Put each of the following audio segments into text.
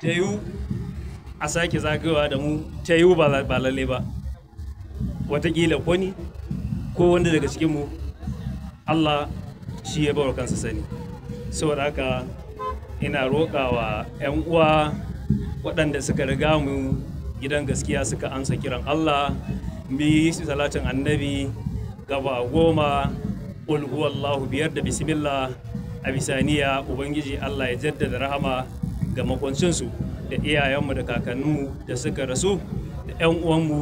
ta yiwu a sake zagayowa da mu ta yiwu ba lalle ba watakila wani ko wanda daga cikinmu allah shi ya bawa kansa sani saboda haka ina roƙawa 'yan uwa waɗanda suka riga mu gidan gaskiya suka ansa kiran allah bi su salatin annabi gaba goma ulhuwallahu biyar da bismillah a bisaniya ubangiji allah ya jaddada rahama ga makwancinsu da iyayenmu da kakannu da suka rasu da 'yan uwanmu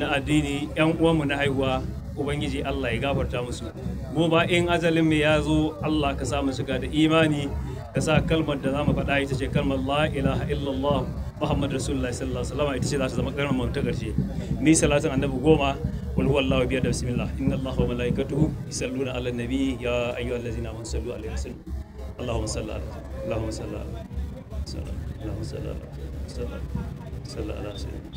na addini 'yan uwanmu na haihuwa ubangiji allah ya gafarta musu mu ba in ajalin ya zo allah ka samu shiga da imani ka sa kalmar da za mu faɗa ita ce kalmar la ilaha illallah muhammad rasulullah sallallahu alaihi wasallam ita ce za ta zama kalmar mu ta ƙarshe ni salatin annabi goma قل هو الله بيده بسم الله إن الله وملائكته يصلون على النبي يا أيها الذين آمنوا صلوا عليه وسلم اللهم صل على اللهم صل على اللهم صل على صل صل على سيدنا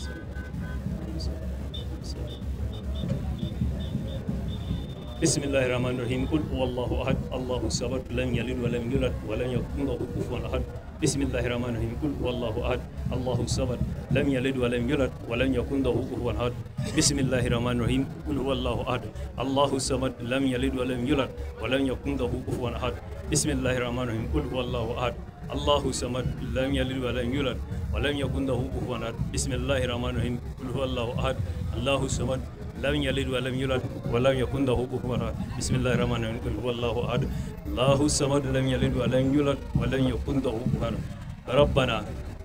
بسم الله الرحمن الرحيم قل هو الله أحد الله الصمد لم يلد ولم يولد ولم يكن له كفوا أحد بسم الله الرحمن الرحيم قل هو الله أحد الله الصمد لم يلد ولم يولد ولم يكن له كفوا أحد بسم الله الرحمن الرحيم قل هو الله احد الله الصمد لم يلد ولم يولد ولم يكن له كفوا احد بسم الله الرحمن الرحيم قل هو الله احد الله الصمد لم يلد ولم يولد ولم يكن له كفوا احد بسم الله الرحمن الرحيم قل هو الله احد الله الصمد لم يلد ولم يولد ولم يكن له كفوا احد بسم الله الرحمن الرحيم قل هو الله احد الله الصمد لم يلد ولم يولد ولم يكن له كفوا احد ربنا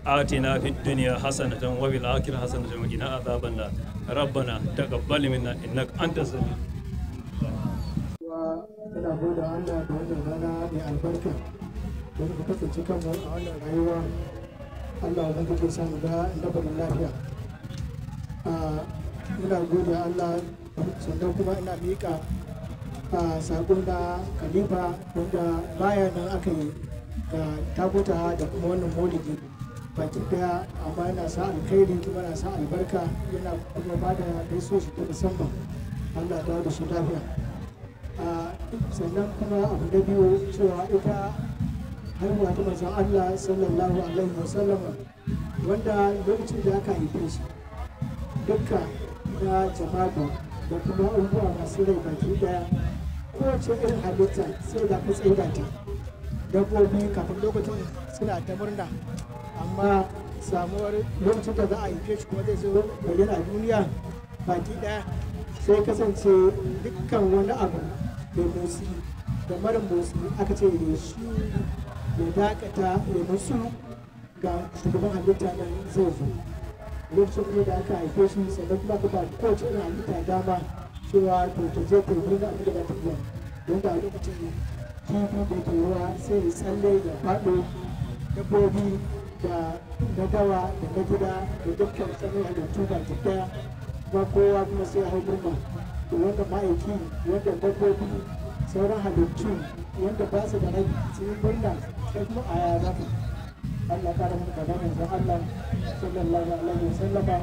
آتنا في الدنيا حسنة وفي الآخرة حسنة وقنا عذاب النار ربنا تقبل منا إنك أنت السميع ina gode Allah da wannan rana mai albarka don ku kasance kan a wannan rayuwa Allah ya kuka lafiya ina ah, gode Allah sannan kuma ina miƙa ah, sakon da kalifa wanda baya nan aka yi ga takuta da kuma wannan maulidi baki daya amma yana sa alkhairi kuma yana sa albarka yana kuma ba da gaisuwa su ta musamman allah ta da su lafiya sannan kuma abu na biyu cewa ita haihuwa ta mazan allah sallallahu alaihi wasallam wanda lokacin da aka haife shi dukka na jama'a da kuma abubuwa masu rai baki daya kowace irin halitta sai da ka ta dabbobi kafin lokacin suna ta murna amma samuwar lokacin da za a yi fesh kuma zai zo bayyana a duniya baki daya sai kasance dukkan wani abu mai musu da mara musu aka ce ya shi ya dakata ya musu ga shugaban halitta nan zai zo lokacin kuma da aka haife shi sannan kuma ka ba kowace irin halitta dama cewa to ta je ta yi da abin da ta yi don da lokacin kifi da ke ruwa sai ya tsalle da faɗo dabbobi da na dawa da na gida da dukkan sanin halittu ba ta daya kuma kowa kuma sai hau murna da wanda ma'aiki wanda dabbobi sauran halittu wanda ba su da rai sun yi murna sai kuma a yaya ta. Allah kara mu gaba mai san Allah sallallahu alaihi wasallama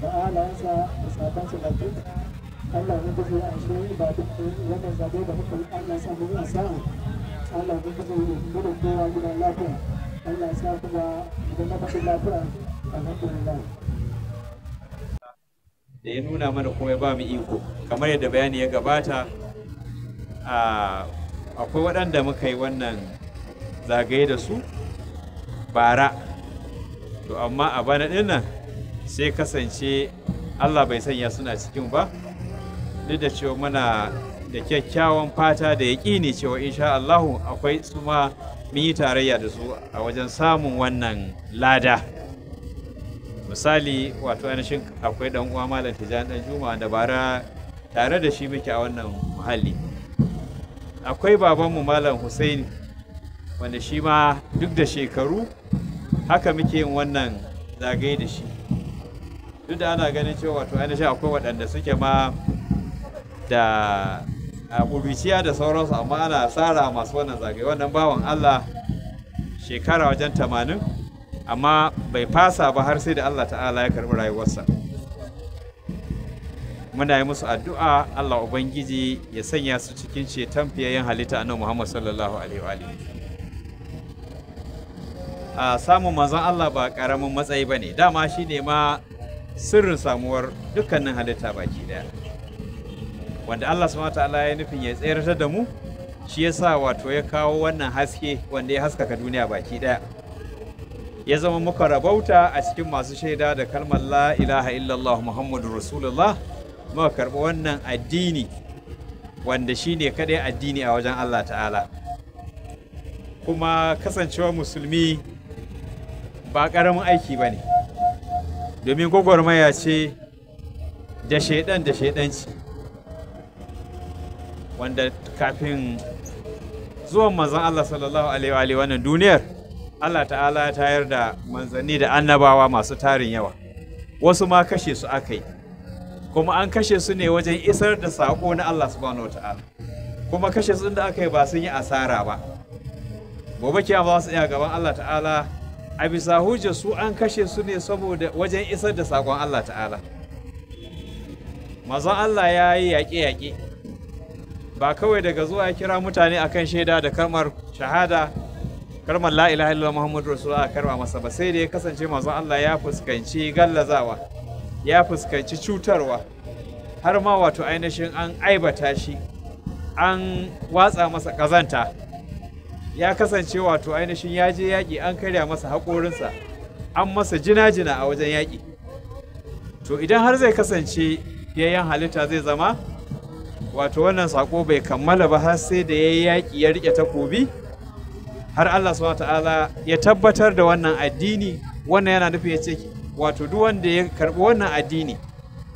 da alayansa da sabon su lafiya Allah ya gudu a shi ba duk wannan zabe da muka yi Allah sa mu sa'a Allah ya gudu mu da kowa gidan lafiya da ya nuna mana kuma ya ba mu iko kamar yadda bayani ya gabata akwai waɗanda muka yi wannan zagaye da su bara to amma a bana ɗinnan sai kasance allah bai sanya suna cikin ba duk da cewa muna da kyakkyawan fata da ne cewa insha Allahu akwai su ma mun yi tarayya da su a wajen samun wannan lada misali wato ainihin akwai dan uwa malam Tijjani dan Juma da bara tare da shi muke a wannan muhalli akwai baban mu malam Hussaini wanda shi ma duk da shekaru haka muke yin wannan zagaye da shi duk da ana ganin cewa wato ainihin akwai waɗanda suke ma da a ƙubiciya da sauransu amma ana tsara masu wannan zagaye wannan bawan Allah shekara wajen tamanin amma bai fasa ba har sai da Allah ta'ala ya karɓi rayuwarsa muna yi musu addu'a Allah Ubangiji ya sanya su cikin ceton fiyayyen halitta annabi Muhammad sallallahu alaihi wa a samun manzon Allah ba ƙaramin matsayi ba ne dama shi ne ma sirrin samuwar dukkanin halitta baki daya wanda Allah subhanahu ta'ala ya nufin ya tsayar da mu shi yasa wato ya kawo wannan haske wanda ya haskaka duniya baki daya ya zama muka rabauta a cikin masu shaida da kalmar la ilaha illallah muhammadu rasulullah muka karɓi wannan addini wanda shi ne kaɗai addini a wajen Allah ta'ala kuma kasancewa musulmi ba ƙaramin aiki ba ne domin gwagwarmaya ce da shaidan da shaidanci wanda kafin zuwan manzon Allah sallallahu alaihi wa wannan duniyar Allah ta'ala ya tayar da manzanni da annabawa masu tarin yawa wasu ma kashe su aka yi kuma an kashe su ne wajen isar da sako na Allah subhanahu ta'ala kuma kashe su da aka yi ba sun yi asara ba gobe kiyama za su iya gaban Allah ta'ala a bisa hujja su an kashe su ne saboda wajen isar da saƙon Allah ta'ala mazan Allah ya yi yaƙe-yaƙe ba kawai daga zuwa ya kira mutane akan shaida da kalmar shahada kalmar la ilaha illallah muhammadu rasulullah a karba masa ba sai da ya kasance manzon Allah ya fuskanci gallazawa ya fuskanci cutarwa har ma wato ainihin an aibata shi an watsa masa kazanta ya kasance wato ainihin ya je yaƙi an karya masa haƙorinsa an masa jina-jina a wajen yaƙi to idan har zai kasance yayin halitta zai zama wato wannan sako bai kammala ba har sai da ya yaƙi ya riƙe takobi har Allah subhanahu ta'ala ya tabbatar da wannan addini wannan yana nufin ya ce wato duk wanda ya karɓi wannan addini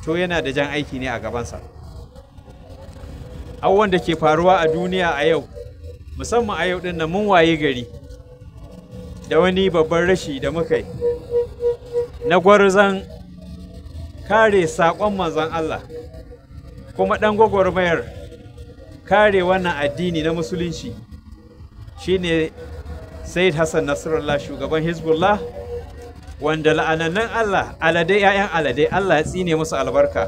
to yana da jan aiki ne a gabansa abubuwan da ke faruwa a duniya a yau musamman a yau ɗin nan mun waye gari da wani babban rashi da muka yi na gwarzon kare saƙon manzon Allah kuma ɗan gwagwarmayar kare wannan addini na musulunci shine Said Hassan Nasrullah shugaban Hezbollah wanda la'anannan Allah aladai 'ya'yan aladai Allah ya tsine musu albarka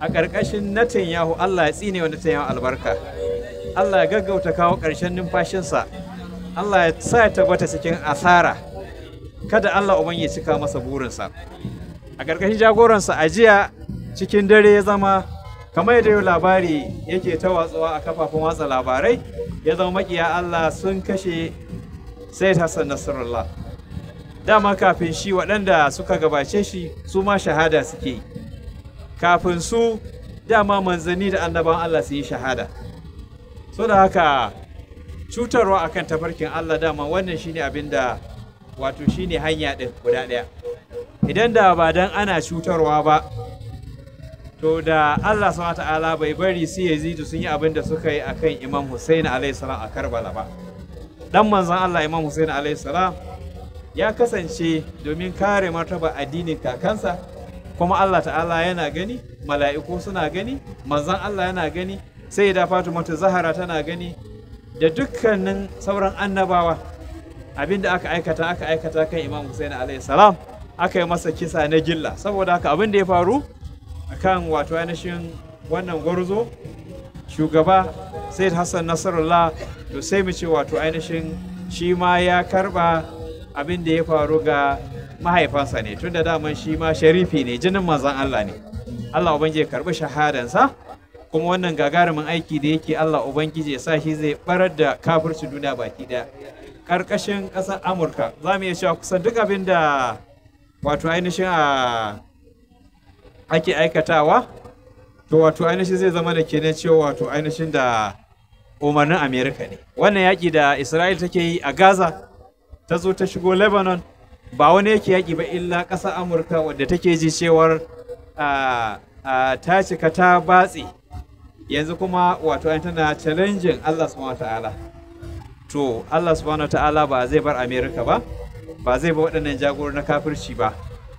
a ƙarƙashin Netanyahu Allah ya tsine wa Netanyahu albarka Allah ya gaggauta kawo ƙarshen numfashinsa Allah ya sa ya tabbata cikin asara kada Allah uban ya cika masa burinsa a ƙarƙashin jagoransa a jiya cikin dare ya zama kamar yadda yau labari yake ta watsuwa a kafafen watsa labarai ya zama makiya Allah sun kashe sai Hassan Nasrullah dama kafin shi waɗanda suka gabace shi su ma shahada suke kafin su dama manzanni da annaban Allah su yi shahada so da haka cutarwa akan tafarkin Allah dama wannan shine abin da wato shine hanya ɗin guda ɗaya idan da ba dan ana cutarwa ba to da Allah subhanahu ta'ala bai bari su Yazidu sun yi abin da suka yi akan Imam Hussein alayhi salam a Karbala ba dan manzon Allah Imam Hussein alayhi salam ya kasance domin kare martaba addinin kakansa kuma Allah ta'ala yana gani mala'iku suna gani manzon Allah yana gani sai da Fatima Zahara tana gani da dukkanin sauran annabawa abin da aka aikata aka aikata kan Imam Hussein alayhi salam aka yi masa kisa na gilla saboda haka abin da ya faru kan wato ainihin wannan gwarzo shugaba said hassan nasarullah to sai mu ce wato ainihin shi ma ya karba abin da ya faru ga mahaifansa ne tun da daman shi ma sharifi ne jinin manzan Allah ne Allah ubangiji ya karbi shahadansa kuma wannan gagarumin aiki da yake Allah ubangiji ya sa shi zai barar da kafirci duniya baki da karkashin ƙasar Amurka za mu iya cewa kusan duk abin da wato ainihin a ake aikatawa to wato ainihin zai zama da kenan cewa wato ainihin da umarnin amerika ne wannan yaƙi da isra'il take yi a gaza ta zo ta shigo lebanon ba wani yake yaƙi ba illa ƙasa amurka wadda take ji cewar ta cika ta batse yanzu kuma wato ainihin tana challenge allah subhanahu ta'ala to allah subhanahu ta'ala ba zai bar amerika ba ba zai ba waɗannan jagoro na kafirci ba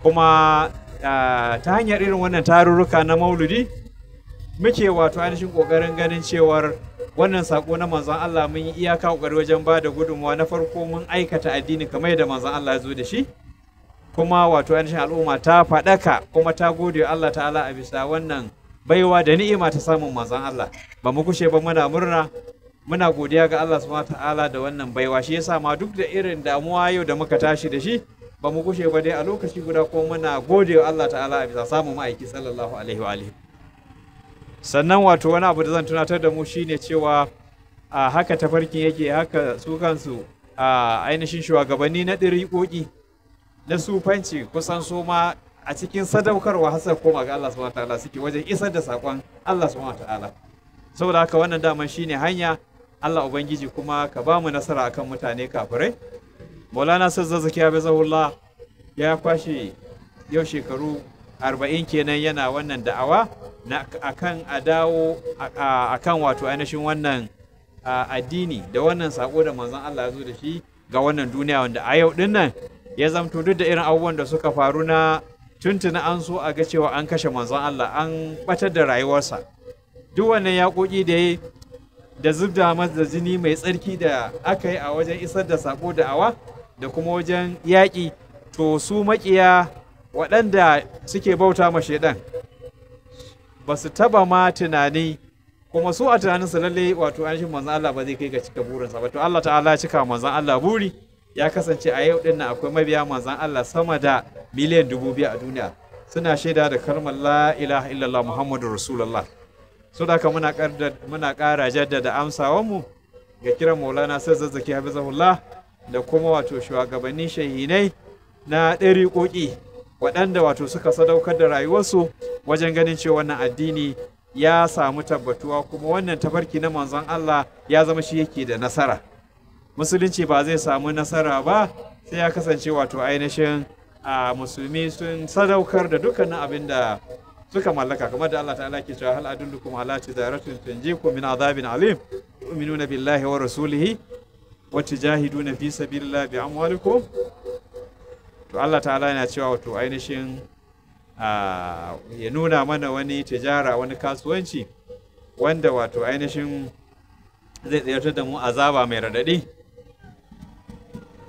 kuma ta hanyar irin wannan tarurruka na mauludi muke wato ainihin kokarin ganin cewar wannan sako na manzon Allah mun yi iyaka kokari wajen ba da gudunmawa na farko mun aikata addini kamar yadda manzon Allah ya zo da shi kuma wato ainihin al'umma ta faɗaka kuma ta gode Allah ta'ala a bisa wannan baiwa da ni'ima ta samun manzon Allah ba mu kushe ba muna murna muna godiya ga Allah subhanahu ta'ala da wannan baiwa shi yasa ma duk da irin damuwa yau da muka tashi da shi ba mu gushe ba dai a lokaci guda kuma muna gode wa Allah ta'ala a bisa samun ma'aiki sallallahu alaihi wa alihi sannan wato wani abu da zan tunatar da mu shine cewa a haka tafarkin yake haka su kansu a ainihin shugabanni na koki na sufanci kusan su ma a cikin sadaukarwa hasar koma ga Allah subhanahu ta'ala suke wajen isar da saƙon Allah subhanahu ta'ala saboda haka wannan daman shine hanya Allah ubangiji kuma ka ba mu nasara akan mutane kafirai maulana zazzaki habizahullah ya kwashe yau shekaru arba'in kenan yana wannan da'awa na akan a dawo akan wato ainihin wannan addini da wannan sako da manzon Allah ya zo da shi ga wannan duniya wanda a yau din nan ya zamto duk da irin abubuwan da suka faru na tuntuna an so a ga cewa an kashe manzon Allah an batar da rayuwarsa duk wannan yaƙoƙi da ya da zubda masa da jini mai tsarki da aka yi a wajen isar da sako da'awa da kuma wajen yaƙi to su maƙiya waɗanda suke bauta ma shaidan ba su taba ma tunani kuma su a tunaninsu lalle wato an shi manzan Allah ba zai kai ga cika burinsa ba to Allah ta'ala cika manzan Allah buri ya kasance a yau dinnan akwai mabiya manzan Allah sama da miliyan dubu biyu a duniya suna shaida da kalmar la ilaha illallah muhammadu rasulullah so da haka muna ƙara jaddada amsawanmu ga kiran maulana sai zazzaki hafizahullah da kuma wato shugabannin shahinai na ɗariƙoƙi waɗanda wato suka sadaukar da rayuwarsu wajen ganin cewa wannan addini ya samu tabbatuwa kuma wannan tafarki na manzon Allah ya zama shi yake da nasara musulunci ba zai samu nasara ba sai ya kasance wato ainihin a musulmi sun sadaukar da dukkanin abin da suka mallaka kamar da Allah ta'ala ke cewa hal adullukum ala tijaratin tunjikum min azabin alim tu'minuna billahi wa rasulihi wata jahidu na fisa billah bi amwalikum to Allah ta'ala yana cewa wato ainihin ya nuna mana wani tijara wani kasuwanci wanda wato ainihin zai tsayarta da mu azaba mai radadi?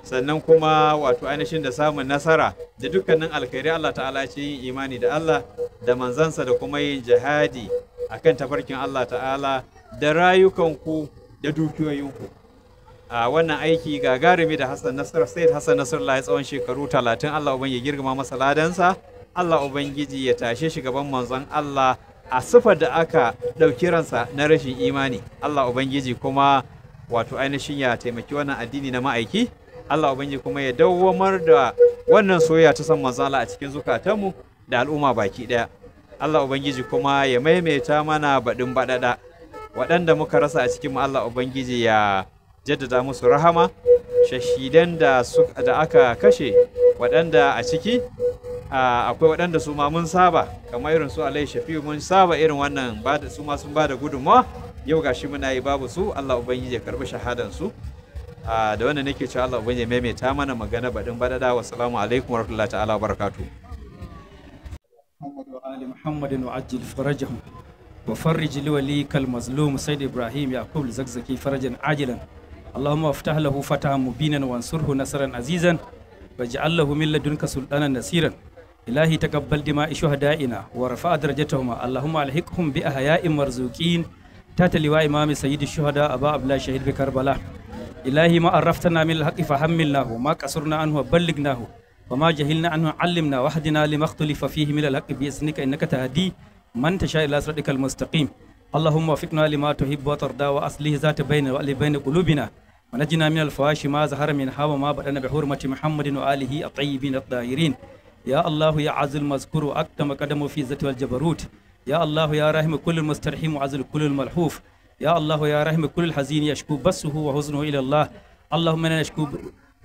sannan kuma wato ainihin da samun nasara da dukkanin alkhairi Allah ta'ala ce yin imani da Allah da manzansa da kuma yin jihadi a kan tafarkin Allah ta'ala da rayukanku da dukiyoyinku a wannan aiki gagarumi da Hassan Nasir Said Hassan Nasrallah ya tsawon shekaru 30 Allah uban ya girgima masa ladansa Allah ubangiji ya tashe shi gaban manzon Allah a sifar da aka ɗauki ransa na rashin imani Allah ubangiji kuma wato ainihin ya taimaki wannan addini na ma'aiki Allah ubangiji kuma ya dawwamar da wannan soyayya ta san manzon Allah a cikin zukatanmu da al'umma baki ɗaya Allah ubangiji kuma ya maimaita mana baɗin baɗaɗa waɗanda muka rasa a cikin Allah ubangiji ya jaddada musu rahama shashidan da aka kashe waɗanda a ciki akwai waɗanda su ma mun saba kamar irin su alai shafi mun saba irin wannan su ma sun bada gudunmawa yau ga shi muna yi babu su Allah ubangiji ya karbi shahadan su da wannan nake cewa Allah ubangiji ya maimaita mana magana badin badada wa salamu alaikum warahmatullahi ta'ala barakatuh محمد وآل محمد وعجل فرجهم وفرج kal mazlum sayyid Ibrahim يعقوب zakzaki farajan ajilan. اللهم افتح له فتحا مبينا وانصره نصرا عزيزا واجعل له من لدنك سلطانا نصيرا إلهي تقبل دماء شهدائنا ورفع درجتهم اللهم الحقهم بأحياء مرزوقين تحت لواء إمام سيد الشهداء أبا أبلا شهيد بكربلاء إلهي ما عرفتنا من الحق فحملناه وما قصرنا عنه وبلغناه وما جهلنا عنه علمنا وحدنا لما اختلف فيه من الحق بإذنك إنك تهدي من تشاء إلى صراطك المستقيم اللهم وفقنا لما تحب وترضى وأصله ذات بين بين قلوبنا ونجنا من الفواحش ما ظهر منها وما بدن بحرمة محمد وآله الطيبين الطاهرين يا الله يا عز المذكور وأكتم قدمه في ذات والجبروت يا الله يا رحم كل المسترحم وعزل كل الملحوف يا الله يا رحم كل الحزين يشكو بسه وحزنه إلى الله اللهم انا نشكو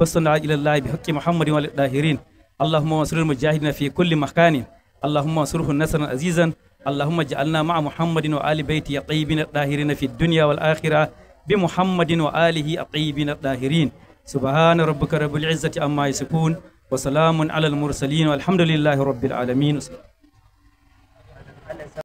بسنا إلى الله بحق محمد والطاهرين اللهم انصر المجاهدين في كل مكان اللهم انصرهم نصرا عزيزا اللهم اجعلنا مع محمد وآل بيت يطيبين الطاهرين في الدنيا والآخرة بمحمد وآله الطيبين الطاهرين سبحان ربك رب العزة أما يسكون وسلام على المرسلين والحمد لله رب العالمين